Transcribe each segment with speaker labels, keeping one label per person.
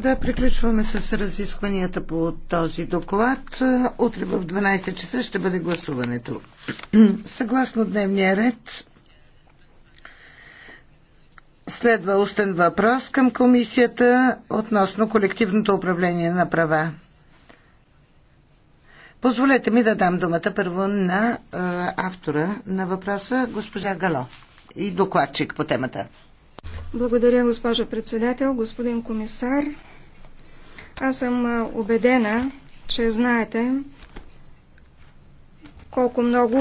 Speaker 1: Да, приключваме с разискванията по този доклад. Утре в 12 часа ще бъде гласуването. Съгласно дневния ред, следва устен въпрос към комисията относно колективното управление на права. Позволете ми да дам думата първо на автора на въпроса, госпожа Гало и докладчик по темата.
Speaker 2: Благодаря, госпожа председател, господин комисар, аз съм убедена, че знаете колко много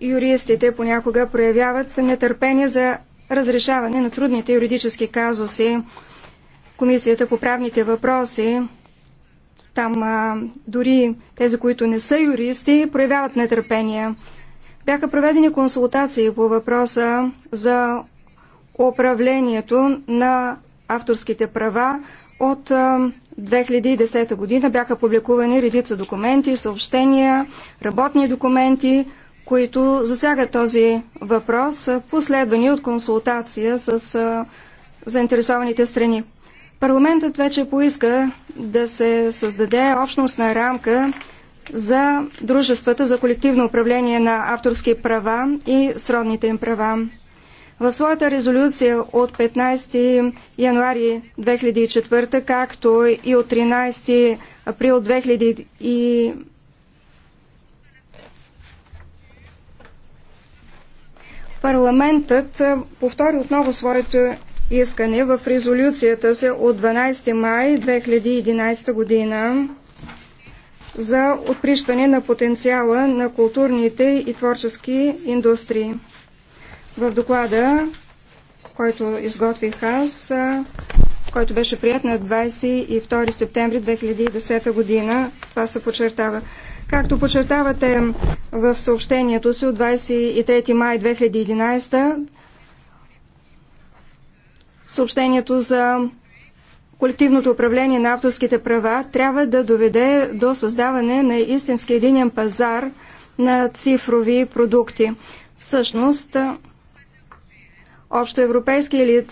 Speaker 2: юристите понякога проявяват нетърпение за разрешаване на трудните юридически казуси. Комисията по правните въпроси, там дори тези, които не са юристи, проявяват нетърпение. Бяха проведени консултации по въпроса за управлението на авторските права от 2010 година бяха публикувани редица документи, съобщения, работни документи, които засягат този въпрос, последвани от консултация с заинтересованите страни. Парламентът вече поиска да се създаде общностна рамка за дружествата за колективно управление на авторски права и сродните им права. В своята резолюция от 15 януари 2004, както и от 13 април 2000 и... Парламентът повтори отново своето искане в резолюцията се от 12 май 2011 година за отприщане на потенциала на културните и творчески индустрии. В доклада, който изготвих аз, който беше прият на 22 септември 2010 година, това се подчертава. Както подчертавате в съобщението си от 23 май 2011, съобщението за колективното управление на авторските права трябва да доведе до създаване на истински единен пазар на цифрови продукти. Всъщност, общоевропейски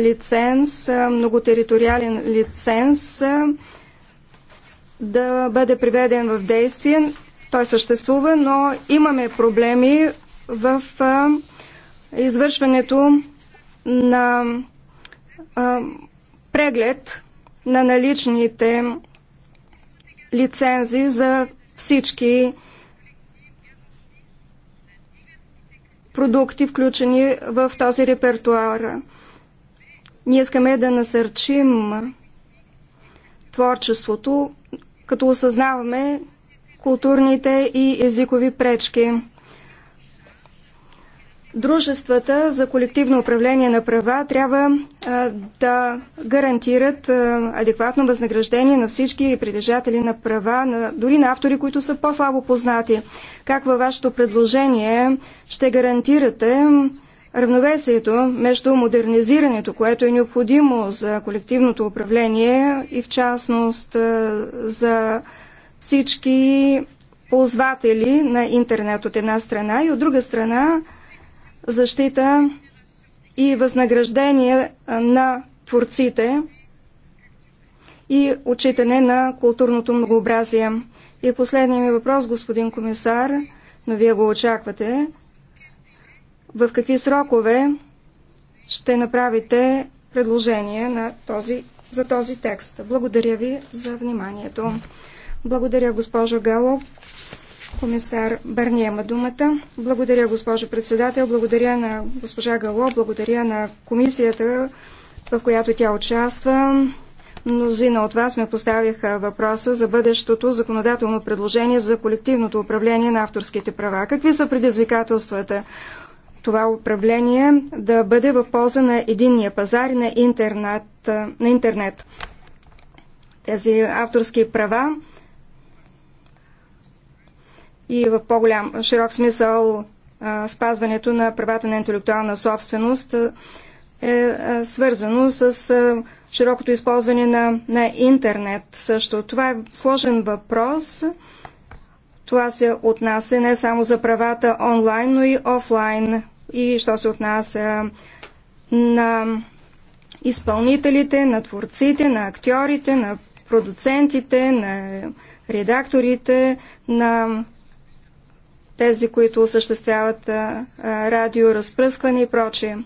Speaker 2: лиценз, многотериториален лиценз да бъде приведен в действие. Той съществува, но имаме проблеми в извършването на преглед на наличните лицензи за всички продукти, включени в този репертуар. Ние искаме да насърчим творчеството, като осъзнаваме културните и езикови пречки. Дружествата за колективно управление на права трябва да гарантират адекватно възнаграждение на всички притежатели на права, на, дори на автори, които са по-слабо познати. Как във вашето предложение ще гарантирате равновесието между модернизирането, което е необходимо за колективното управление и в частност за всички ползватели на интернет от една страна и от друга страна защита и възнаграждение на творците и отчитане на културното многообразие. И последният ми въпрос, господин комисар, но вие го очаквате. В какви срокове ще направите предложение на този, за този текст? Благодаря ви за вниманието. Благодаря, госпожо Гало. Комисар Бърния има думата. Благодаря, госпожо председател, благодаря на госпожа Гало, благодаря на комисията, в която тя участва. Мнозина от вас ме поставиха въпроса за бъдещото законодателно предложение за колективното управление на авторските права. Какви са предизвикателствата? това управление да бъде в полза на единния пазар и на интернет. На интернет. Тези авторски права и в по-голям широк смисъл спазването на правата на интелектуална собственост е свързано с широкото използване на, на интернет също. Това е сложен въпрос. Това се отнася не само за правата онлайн, но и офлайн. И що се отнася на изпълнителите, на творците, на актьорите, на продуцентите, на редакторите, на тези, които осъществяват радиоразпръскване и прочие.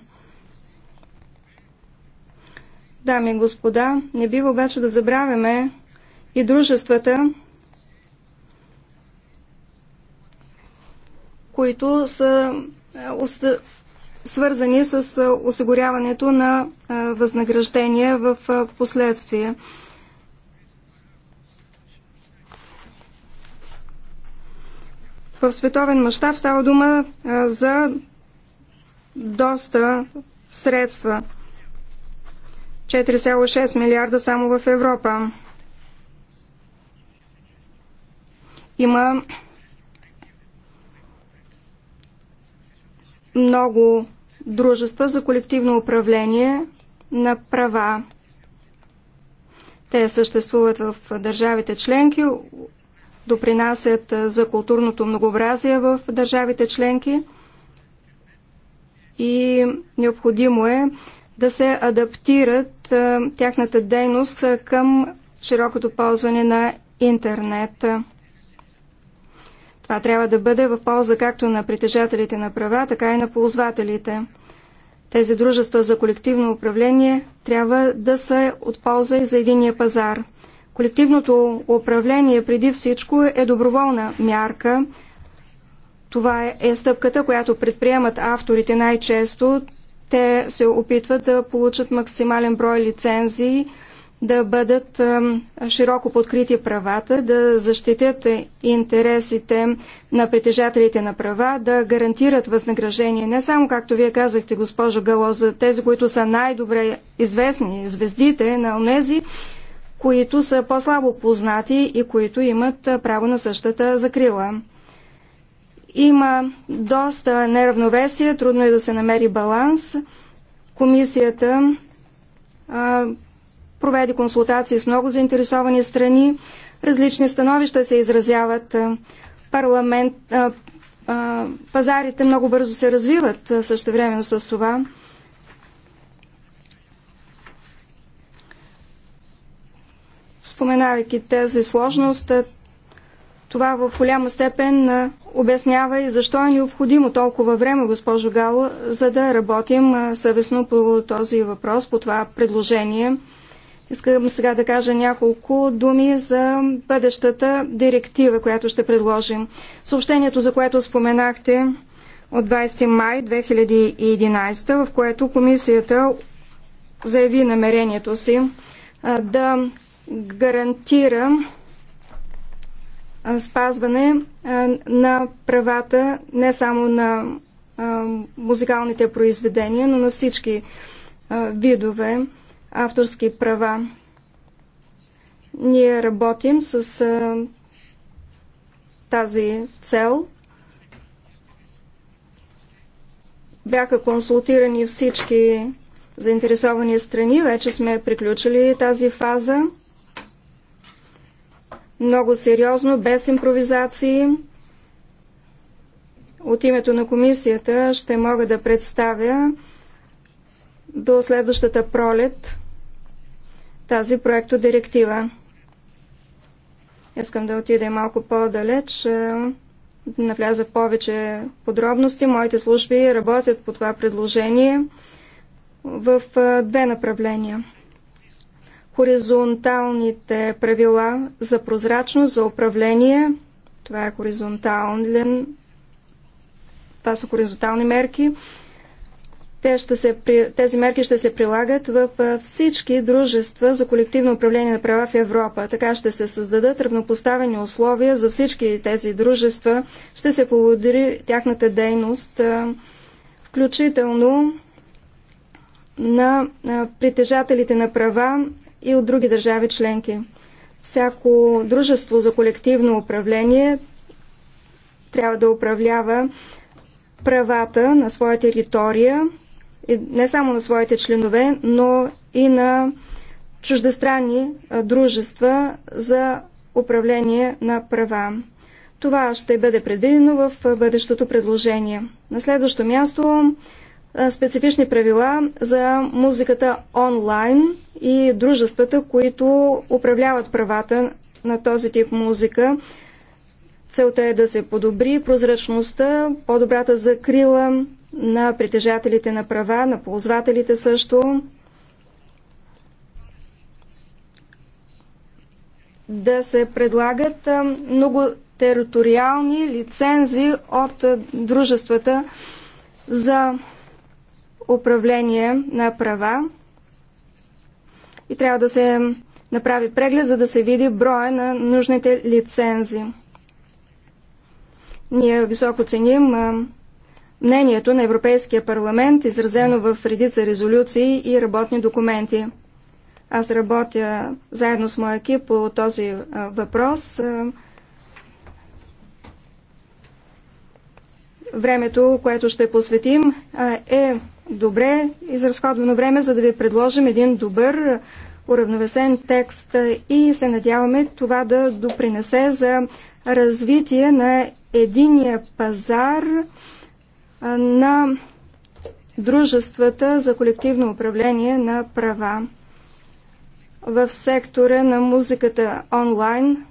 Speaker 2: Дами и господа, не бива обаче да забравяме и дружествата, които са свързани с осигуряването на възнаграждения в последствие. В световен мащаб става дума за доста средства. 4,6 милиарда само в Европа. Има много дружества за колективно управление на права. Те съществуват в държавите членки, допринасят за културното многообразие в държавите членки и необходимо е да се адаптират тяхната дейност към широкото ползване на интернет. Това трябва да бъде в полза както на притежателите на права, така и на ползвателите. Тези дружества за колективно управление трябва да са от полза и за единия пазар. Колективното управление преди всичко е доброволна мярка. Това е, е стъпката, която предприемат авторите най-често. Те се опитват да получат максимален брой лицензии, да бъдат широко подкрити правата, да защитят интересите на притежателите на права, да гарантират възнаграждение. Не само, както вие казахте, госпожо Гало, за тези, които са най-добре известни, звездите на онези, които са по-слабо познати и които имат право на същата закрила. Има доста неравновесие, трудно е да се намери баланс. Комисията а, проведе консултации с много заинтересовани страни. Различни становища се изразяват. Парламент, а, а, пазарите много бързо се развиват същевременно с това. Споменавайки тази сложност, това в голяма степен обяснява и защо е необходимо толкова време, госпожо Гало, за да работим съвестно по този въпрос, по това предложение. Искам сега да кажа няколко думи за бъдещата директива, която ще предложим. Съобщението, за което споменахте от 20 май 2011, в което комисията заяви намерението си да гарантира спазване на правата не само на музикалните произведения, но на всички видове авторски права. Ние работим с тази цел. Бяха консултирани всички заинтересовани страни. Вече сме приключили тази фаза много сериозно, без импровизации. От името на комисията ще мога да представя до следващата пролет тази проектодиректива. Искам да отида малко по-далеч, е, да навляза повече подробности. Моите служби работят по това предложение в е, две направления хоризонталните правила за прозрачност, за управление. Това е хоризонтален. Това са хоризонтални мерки. Те ще се, тези мерки ще се прилагат в всички дружества за колективно управление на права в Европа. Така ще се създадат равнопоставени условия за всички тези дружества. Ще се поводри тяхната дейност, включително на притежателите на права и от други държави членки. Всяко дружество за колективно управление трябва да управлява правата на своя територия, и не само на своите членове, но и на чуждестранни дружества за управление на права. Това ще бъде предвидено в бъдещото предложение. На следващо място специфични правила за музиката онлайн и дружествата, които управляват правата на този тип музика. Целта е да се подобри прозрачността, по-добрата закрила на притежателите на права, на ползвателите също. Да се предлагат много териториални лицензи от дружествата за управление на права и трябва да се направи преглед, за да се види броя на нужните лицензи. Ние високо ценим мнението на Европейския парламент, изразено в редица резолюции и работни документи. Аз работя заедно с моя екип по този въпрос. Времето, което ще посветим, е добре изразходвано време, за да ви предложим един добър уравновесен текст и се надяваме това да допринесе за развитие на единия пазар на дружествата за колективно управление на права. В сектора на музиката онлайн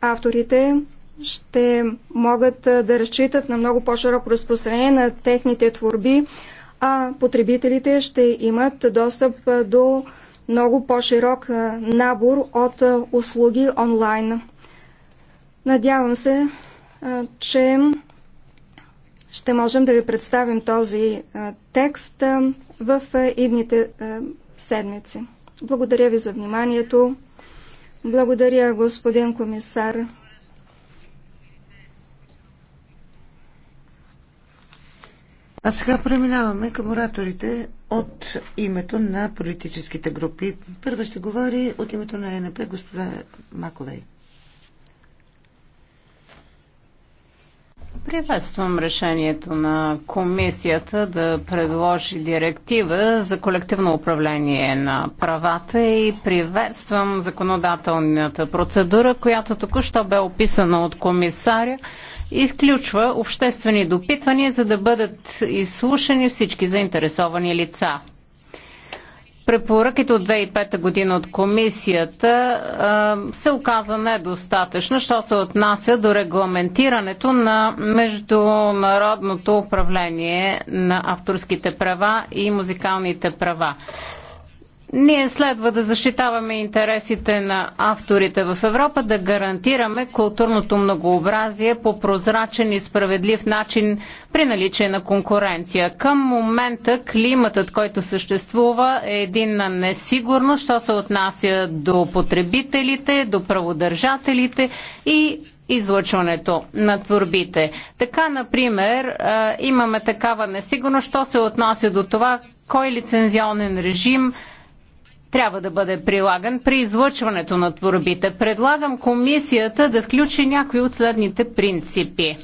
Speaker 2: авторите ще могат да разчитат на много по-широко разпространение на техните творби а потребителите ще имат достъп до много по-широк набор от услуги онлайн. Надявам се, че ще можем да ви представим този текст в идните седмици. Благодаря ви за вниманието. Благодаря, господин комисар. А сега преминаваме към
Speaker 1: ораторите от името на политическите групи. Първа ще говори от
Speaker 3: името на ЕНП господа Маковей. Приветствам решението на комисията да предложи директива за колективно управление на правата и приветствам законодателната процедура, която току-що бе описана от комисаря и включва обществени допитвания, за да бъдат изслушани всички заинтересовани лица препоръките от 2005 година от комисията се оказа недостатъчно, що се отнася до регламентирането на международното управление на авторските права и музикалните права. Ние следва да защитаваме интересите на авторите в Европа, да гарантираме културното многообразие по прозрачен и справедлив начин при наличие на конкуренция. Към момента климатът, който съществува, е един на несигурност, що се отнася до потребителите, до праводържателите и излъчването на творбите. Така, например, имаме такава несигурност, що се отнася до това, кой лицензионен режим трябва да бъде прилаган при излъчването на творбите. Предлагам комисията да включи някои от следните принципи.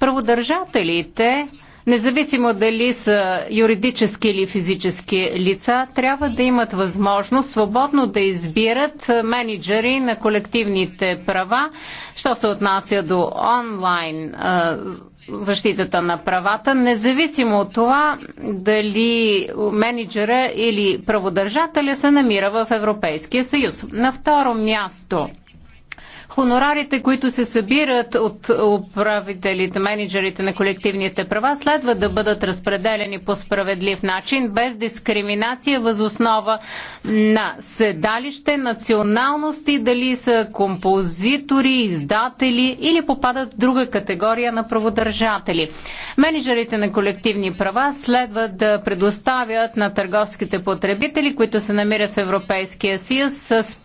Speaker 3: Праводържателите независимо дали са юридически или физически лица, трябва да имат възможност свободно да избират менеджери на колективните права, що се отнася до онлайн защитата на правата, независимо от това дали менеджера или праводържателя се намира в Европейския съюз. На второ място – хонорарите, които се събират от управителите, менеджерите на колективните права, следва да бъдат разпределени по справедлив начин, без дискриминация възоснова на седалище, националности, дали са композитори, издатели или попадат в друга категория на праводържатели. Менеджерите на колективни права следва да предоставят на търговските потребители, които се намират в Европейския съюз, с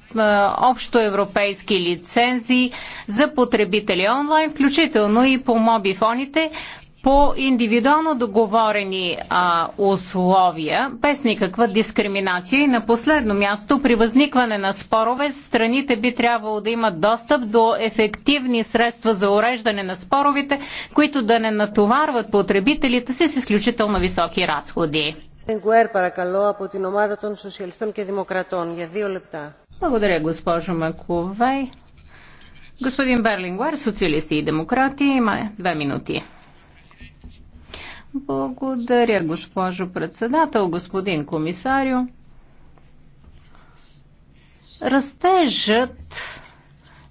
Speaker 3: Общоевропейски лицензии за потребители онлайн, включително и по мобифоните, по индивидуално договорени а, условия, без никаква дискриминация. И на последно място, при възникване на спорове, страните би трябвало да имат достъп до ефективни средства за уреждане на споровите, които да не натоварват потребителите си с изключително високи разходи. паракало, благодаря, госпожо Маковей. Господин Берлингуар, социалисти и демократи, има две минути. Благодаря, госпожо председател, господин комисарио. Растежът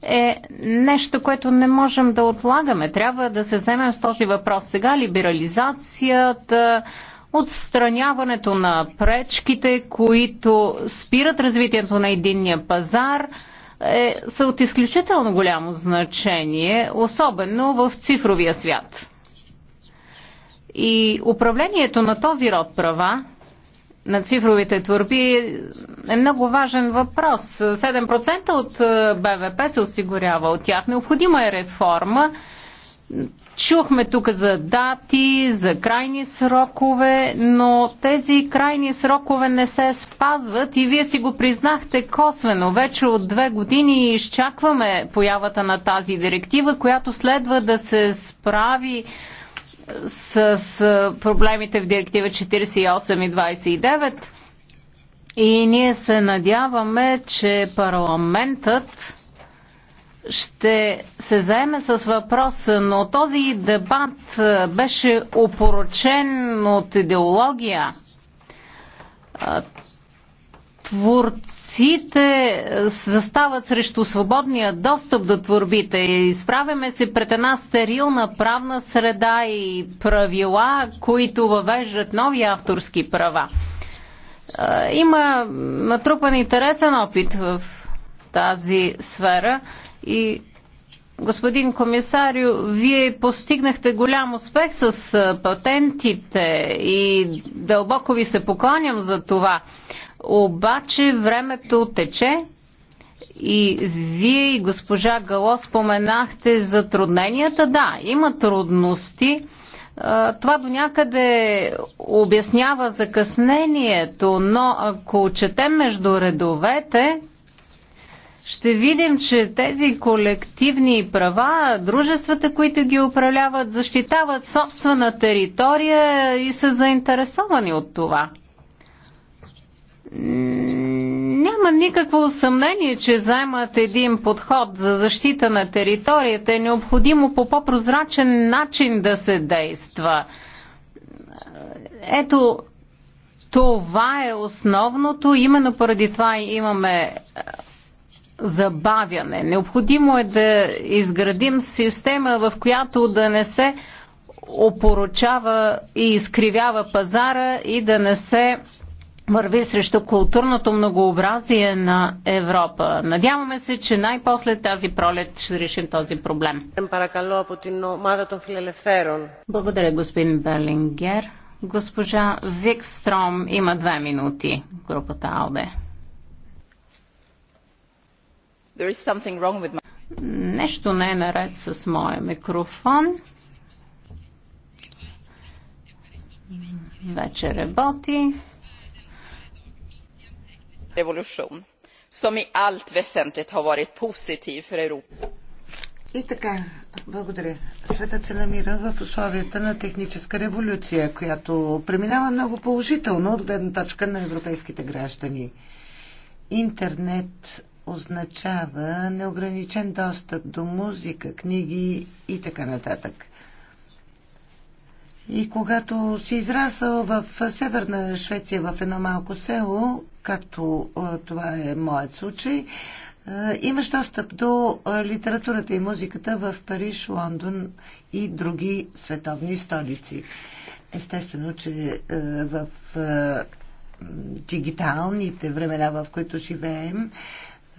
Speaker 3: е нещо, което не можем да отлагаме. Трябва да се вземем с този въпрос сега. Либерализацията, отстраняването на пречките, които спират развитието на единния пазар, е, са от изключително голямо значение, особено в цифровия свят. И управлението на този род права на цифровите творби е много важен въпрос. 7% от е, БВП се осигурява от тях. Необходима е реформа. Чухме тук за дати, за крайни срокове, но тези крайни срокове не се спазват и вие си го признахте косвено. Вече от две години изчакваме появата на тази директива, която следва да се справи с, с проблемите в директива 48 и 29. И ние се надяваме, че парламентът ще се заеме с въпроса, но този дебат е, беше опорочен от идеология. Е, творците застават срещу свободния достъп до творбите. Изправяме се пред една стерилна правна среда и правила, които въвеждат нови авторски права. Е, има натрупан интересен опит в тази сфера и Господин комисарио, вие постигнахте голям успех с патентите и дълбоко ви се покланям за това. Обаче времето тече и вие и госпожа Гало споменахте затрудненията. Да, има трудности. Това до някъде обяснява закъснението, но ако четем между редовете, ще видим, че тези колективни права, дружествата, които ги управляват, защитават собствена територия и са заинтересовани от това. Няма никакво съмнение, че заемат един подход за защита на територията. Е необходимо по по-прозрачен начин да се действа. Ето, това е основното. Именно поради това имаме забавяне. Необходимо е да изградим система, в която да не се опоручава и изкривява пазара и да не се върви срещу културното многообразие на Европа. Надяваме се, че най-после тази пролет ще решим този проблем. Благодаря, господин Берлингер. Госпожа Викстром има две минути, групата Алде. There is something wrong with my... Нещо не е наред с моя микрофон. Вече работи. Революцион, som i allt väsentligt har varit positiv för Europa.
Speaker 1: И така, благодаря. Светът се намира в условията на техническа революция, която преминава много положително от гледна точка на европейските граждани. Интернет означава неограничен достъп до музика, книги и така нататък. И когато си израсъл в Северна Швеция, в едно малко село, както това е моят случай, имаш достъп до литературата и музиката в Париж, Лондон и други световни столици. Естествено, че в дигиталните времена, в които живеем,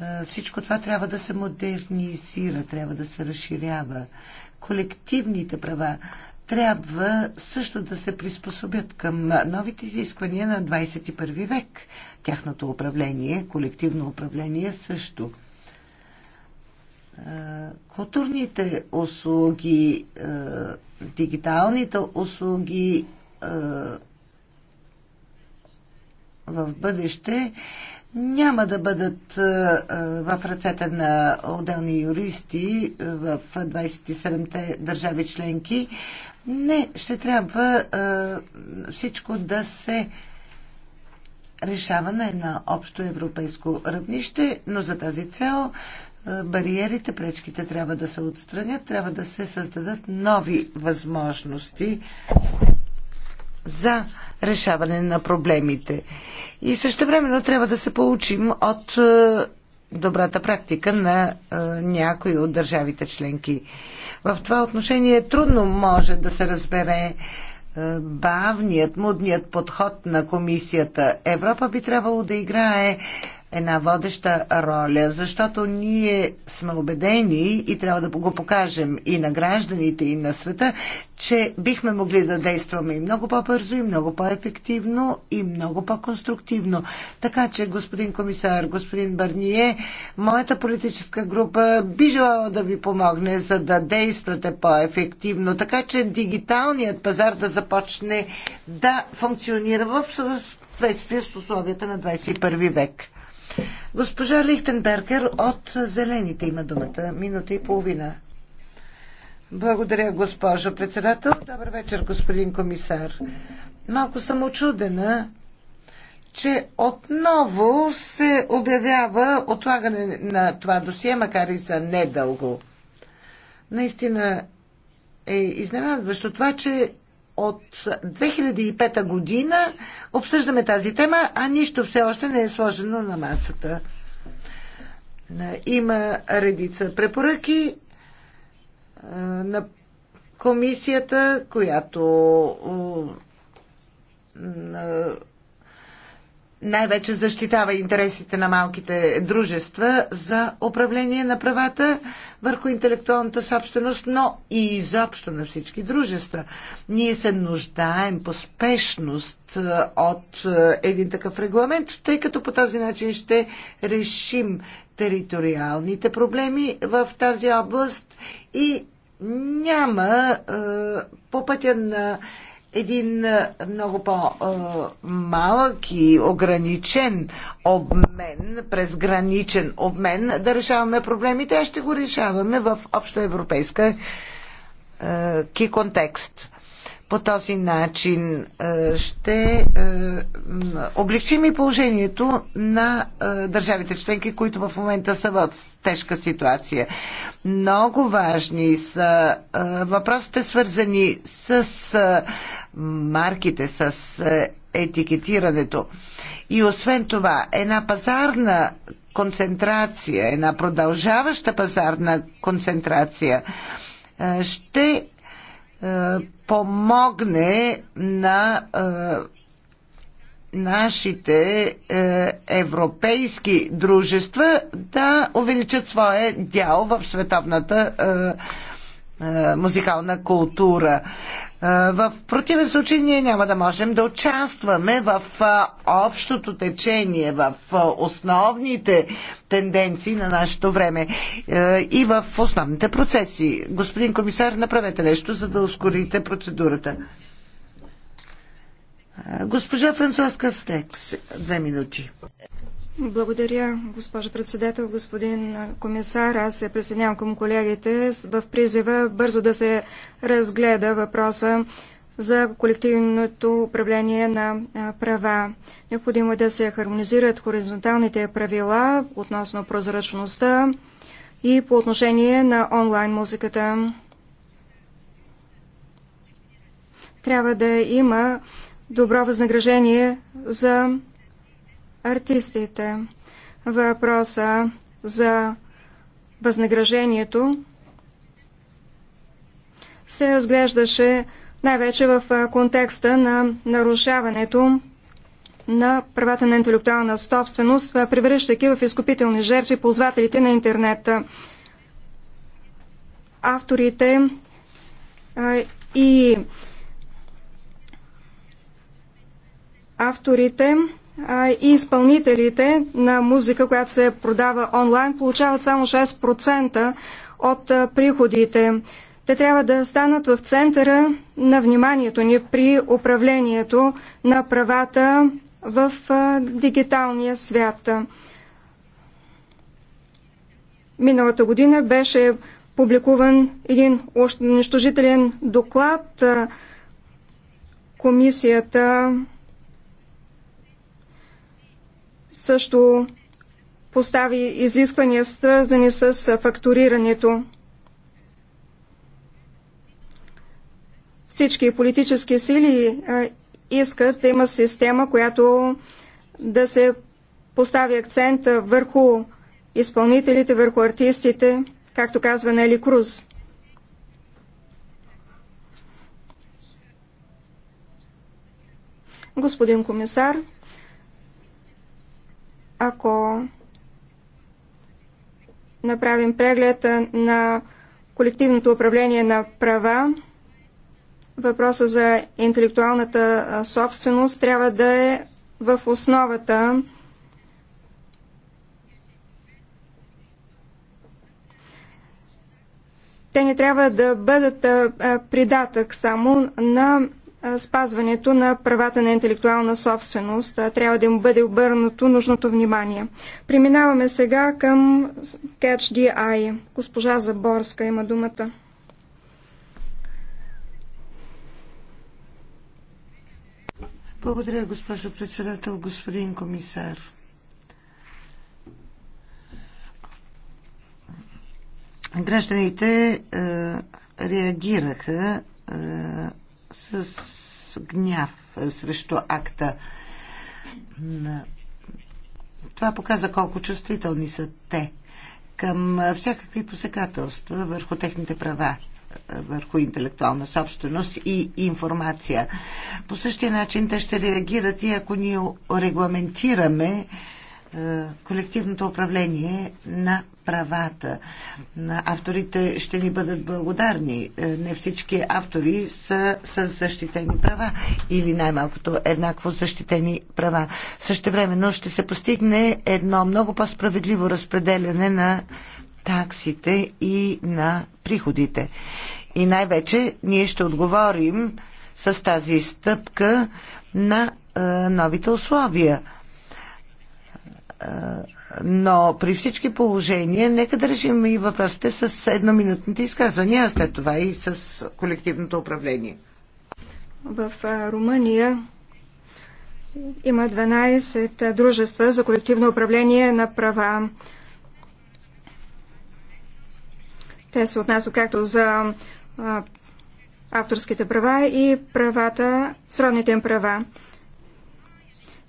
Speaker 1: е, всичко това трябва да се модернизира, трябва да се разширява. Колективните права трябва също да се приспособят към новите изисквания на 21 век. Тяхното управление, колективно управление също. Е, културните услуги, е, дигиталните услуги в бъдеще няма да бъдат е, е, в ръцете на отделни юристи е, в 27-те държави членки. Не, ще трябва всичко да се решава на едно общо европейско равнище, но за тази цел бариерите, пречките трябва да се отстранят, трябва да се създадат нови възможности за решаване на проблемите. И също времено трябва да се получим от е, добрата практика на е, някои от държавите членки. В това отношение трудно може да се разбере е, бавният, мудният подход на комисията. Европа би трябвало да играе една водеща роля, защото ние сме убедени и трябва да го покажем и на гражданите, и на света, че бихме могли да действаме и много по-бързо, и много по-ефективно, и много по-конструктивно. Така че, господин комисар, господин Барние, моята политическа група би желала да ви помогне, за да действате по-ефективно, така че дигиталният пазар да започне да функционира в съответствие с условията на 21 век. Госпожа Лихтенбергер от Зелените има думата. Минута и половина. Благодаря, госпожо председател. Добър вечер, господин комисар. Малко съм очудена, че отново се обявява отлагане на това досие, макар и за недълго. Наистина е изненадващо това, че от 2005 година обсъждаме тази тема, а нищо все още не е сложено на масата. Има редица препоръки на комисията, която най-вече защитава интересите на малките дружества за управление на правата върху интелектуалната собственост, но и изобщо на всички дружества. Ние се нуждаем по спешност е, от е, един такъв регламент, тъй като по този начин ще решим териториалните проблеми в тази област и няма е, по пътя на един много по-малък и ограничен обмен, през граничен обмен, да решаваме проблемите, а ще го решаваме в общоевропейска ки контекст. По този начин е, ще е, облегчим и положението на е, държавите членки, които в момента са в тежка ситуация. Много важни са въпросите свързани с марките, с етикетирането. И освен това, една пазарна концентрация, една продължаваща пазарна концентрация ще е, помогне на е, нашите е, европейски дружества да увеличат своя дял в световната е, музикална култура. Е, в противен случай ние няма да можем да участваме в е, общото течение, в основните тенденции на нашето време и в основните процеси. Господин комисар, направете нещо, за да ускорите процедурата. Госпожа Франсуаска Стекс, две минути.
Speaker 2: Благодаря, госпожо председател, господин комисар. Аз се присъединявам към колегите в призива бързо да се разгледа въпроса за колективното управление на права. Необходимо е да се хармонизират хоризонталните правила относно прозрачността и по отношение на онлайн музиката. Трябва да има добро възнаграждение за артистите. Въпроса за възнаграждението се разглеждаше най-вече в контекста на нарушаването на правата на интелектуална собственост, превръщайки в изкупителни жертви ползвателите на интернет. Авторите и авторите и изпълнителите на музика, която се продава онлайн, получават само 6% от приходите. Те трябва да станат в центъра на вниманието ни при управлението на правата в дигиталния свят. Миналата година беше публикуван един унищожителен доклад. Комисията също постави изисквания, свързани с фактурирането. Всички политически сили искат да има система, която да се постави акцент върху изпълнителите, върху артистите, както казва Нели Круз. Господин комисар, ако направим преглед на колективното управление на права, въпроса за интелектуалната собственост трябва да е в основата Те не трябва да бъдат придатък само на спазването на правата на интелектуална собственост. Трябва да им бъде обърнато нужното внимание. Преминаваме сега към Catch DI. Госпожа Заборска има думата.
Speaker 1: Благодаря, госпожо председател, господин комисар. Гражданите е, реагираха е, с гняв срещу акта. Това показа колко чувствителни са те към всякакви посекателства върху техните права върху интелектуална собственост и информация. По същия начин те ще реагират и ако ние регламентираме е, колективното управление на правата. Авторите ще ни бъдат благодарни. Е, не всички автори са с защитени права или най-малкото еднакво защитени права. Същевременно ще се постигне едно много по-справедливо разпределяне на таксите и на приходите. И най-вече ние ще отговорим с тази стъпка на е, новите условия – но при всички положения, нека да решим и въпросите с едноминутните изказвания, а след това и с колективното управление.
Speaker 2: В Румъния има 12 дружества за колективно управление на права. Те се отнасят както за авторските права и правата, сродните им права.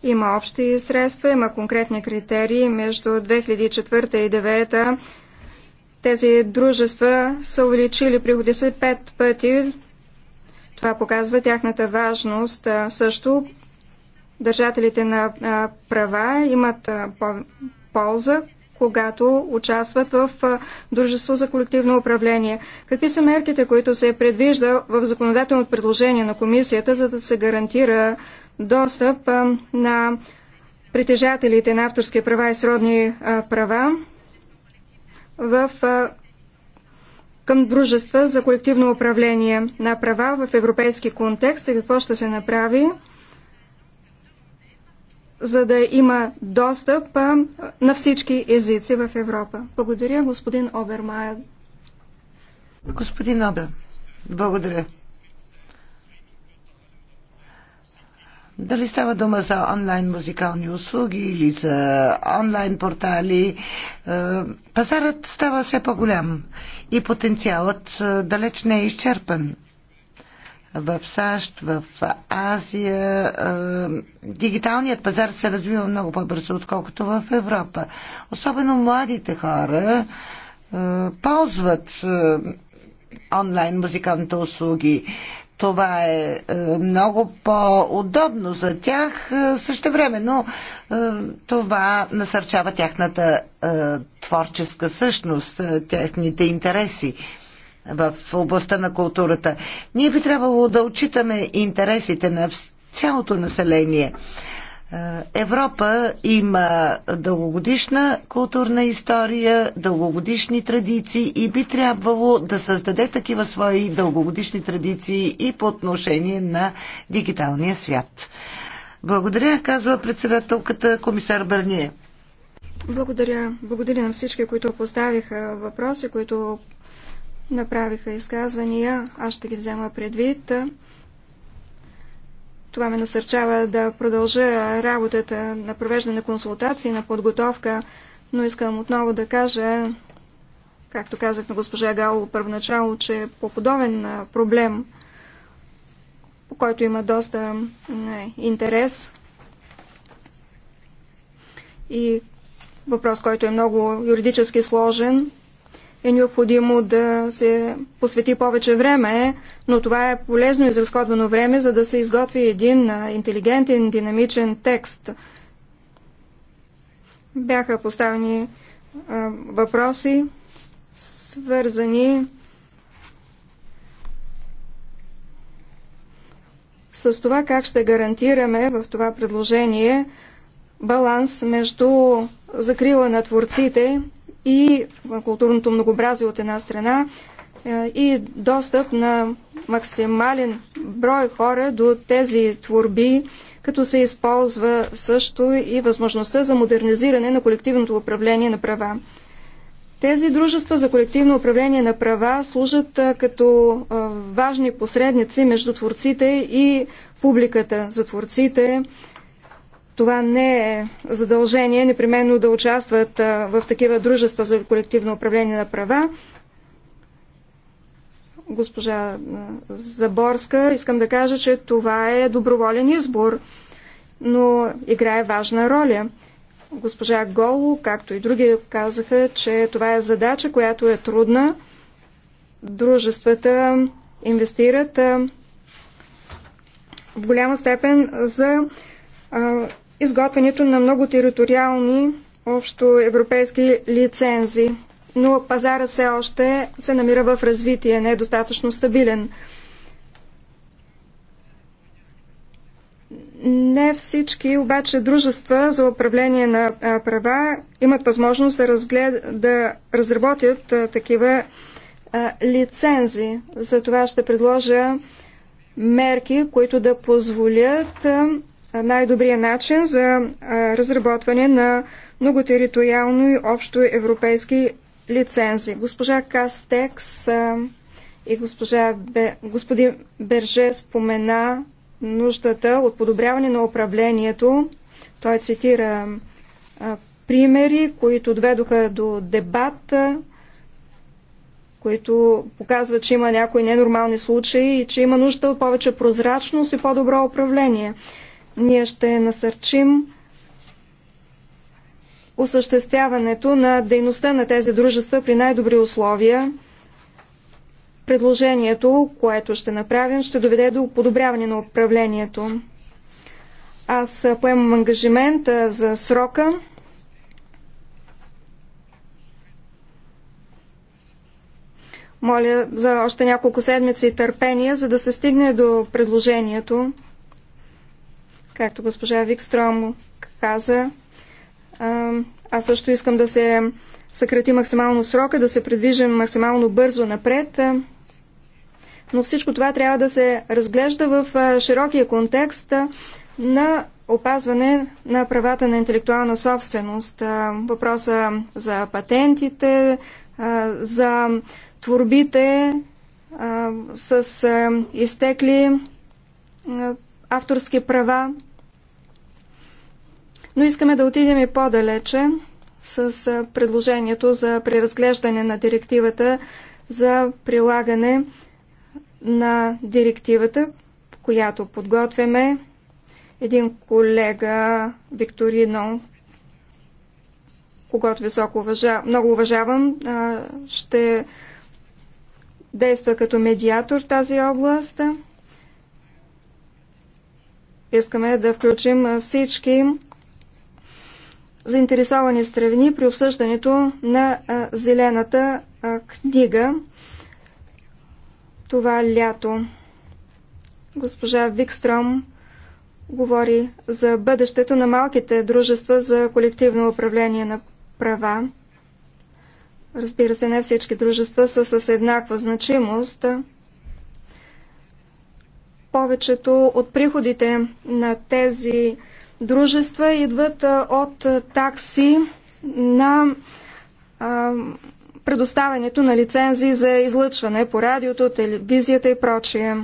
Speaker 2: Има общи средства, има конкретни критерии. Между 2004 и 2009 тези дружества са увеличили приходи си пет пъти. Това показва тяхната важност. Също държателите на права имат полза, когато участват в Дружество за колективно управление. Какви са мерките, които се предвижда в законодателното предложение на комисията, за да се гарантира достъп на притежателите на авторски права и сродни права в, към дружества за колективно управление на права в европейски контекст и какво ще се направи, за да има достъп на всички езици в Европа. Благодаря, господин Обермайер.
Speaker 1: Господин Обер, благодаря. Дали става дума за онлайн музикални услуги или за онлайн портали, е, пазарът става все по-голям и потенциалът е, далеч не е изчерпан. В САЩ, в Азия е, дигиталният пазар се развива много по-бързо, отколкото в Европа. Особено младите хора ползват онлайн музикалните услуги. Това е, е много по-удобно за тях. Е, Също време, но е, това насърчава тяхната творческа същност, техните интереси в областта на културата. Ние би трябвало да отчитаме интересите на цялото население. Европа има дългогодишна културна история, дългогодишни традиции и би трябвало да създаде такива свои дългогодишни традиции и по отношение на дигиталния свят. Благодаря, казва председателката комисар Бърние.
Speaker 2: Благодаря. Благодаря на всички, които поставиха въпроси, които направиха изказвания. Аз ще ги взема предвид. Това ме насърчава да продължа работата на провеждане на консултации, на подготовка, но искам отново да кажа, както казах на госпожа Гало първоначало, че по подобен проблем, по който има доста не, интерес и въпрос, който е много юридически сложен, е необходимо да се посвети повече време, но това е полезно изразходвано време, за да се изготви един интелигентен, динамичен текст. Бяха поставени а, въпроси, свързани с това как ще гарантираме в това предложение баланс между закрила на творците и културното многообразие от една страна е, и достъп на максимален брой хора до тези творби, като се използва също и възможността за модернизиране на колективното управление на права. Тези дружества за колективно управление на права служат е, като е, важни посредници между творците и публиката. За творците това не е задължение непременно да участват в такива дружества за колективно управление на права. Госпожа Заборска, искам да кажа, че това е доброволен избор, но играе важна роля. Госпожа Голу, както и други казаха, че това е задача, която е трудна. Дружествата инвестират в голяма степен за изготвянето на много териториални общо европейски лицензи. Но пазарът все още се намира в развитие, не е достатъчно стабилен. Не всички обаче дружества за управление на права имат възможност да, разглед... да разработят такива лицензи. За това ще предложа мерки, които да позволят най-добрия начин за разработване на многотериториално и общо европейски лицензи. Госпожа Кастекс и госпожа Бе, господин Берже спомена нуждата от подобряване на управлението. Той цитира а, примери, които доведоха до дебат, които показват, че има някои ненормални случаи и че има нужда от повече прозрачност и по-добро управление. Ние ще насърчим осъществяването на дейността на тези дружества при най-добри условия. Предложението, което ще направим, ще доведе до подобряване на управлението. Аз поемам ангажимент за срока. Моля за още няколко седмици търпение, за да се стигне до предложението. Както госпожа Викстром каза, аз също искам да се съкрати максимално срока, да се придвижим максимално бързо напред. Но всичко това трябва да се разглежда в широкия контекст на опазване на правата на интелектуална собственост. Въпроса за патентите, за творбите с изтекли авторски права, но искаме да отидем и по-далече с предложението за преразглеждане на директивата за прилагане на директивата, която подготвяме. Един колега Викторино, когато високо уважа... много уважавам, ще действа като медиатор в тази област. Искаме да включим всички заинтересовани страни при обсъждането на зелената книга това лято. Госпожа Викстром говори за бъдещето на малките дружества за колективно управление на права. Разбира се, не всички дружества са с еднаква значимост. Повечето от приходите на тези дружества идват от такси на предоставянето на лицензии за излъчване по радиото, телевизията и прочие.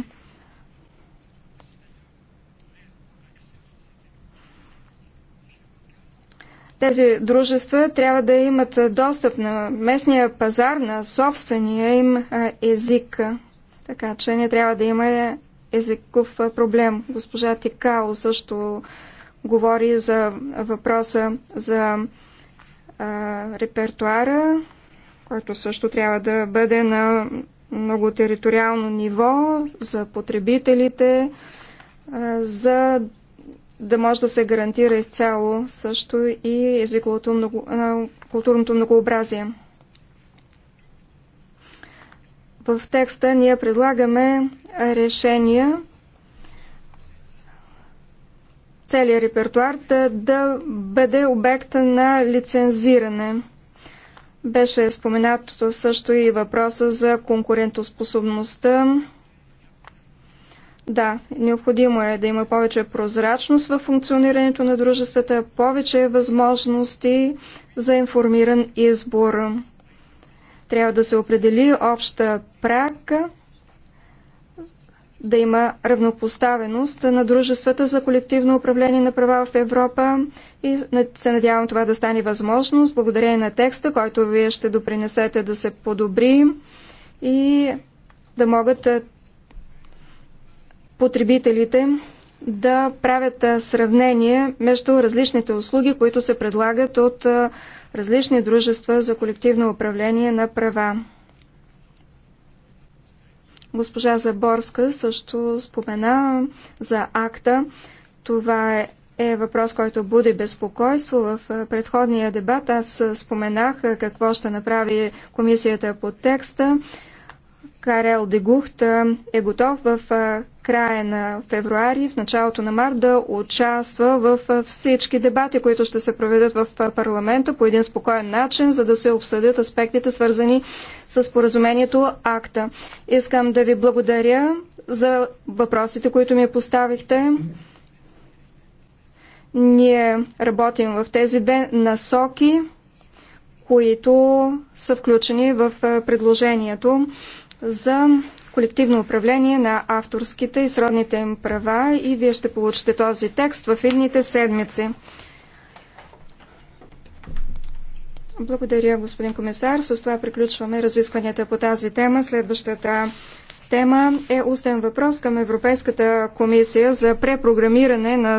Speaker 2: Тези дружества трябва да имат достъп на местния пазар на собствения им език, така че не трябва да има езиков проблем. Госпожа Тикао също говори за въпроса за а, репертуара, който също трябва да бъде на много териториално ниво за потребителите, а, за да може да се гарантира изцяло също и езиковото много, а, културното многообразие. В текста ние предлагаме решения целият репертуар да, да бъде обект на лицензиране. Беше споменато също и въпроса за конкурентоспособността. Да, необходимо е да има повече прозрачност в функционирането на дружествата, повече възможности за информиран избор. Трябва да се определи обща прака, да има равнопоставеност на дружествата за колективно управление на права в Европа и се надявам това да стане възможност благодарение на текста, който вие ще допринесете да се подобри и да могат потребителите да правят сравнение между различните услуги, които се предлагат от различни дружества за колективно управление на права. Госпожа Заборска също спомена за акта. Това е, е въпрос, който буди безпокойство. В предходния дебат аз споменах какво ще направи комисията по текста. Карел Дегухт е готов в края на февруари, в началото на март да участва в всички дебати, които ще се проведат в парламента по един спокоен начин, за да се обсъдят аспектите свързани с поразумението акта. Искам да ви благодаря за въпросите, които ми поставихте. Ние работим в тези две насоки които са включени в предложението за колективно управление на авторските и сродните им права и вие ще получите този текст в едните седмици. Благодаря, господин комисар. С това приключваме разискванията по тази тема. Следващата тема е устен въпрос към Европейската комисия за препрограмиране на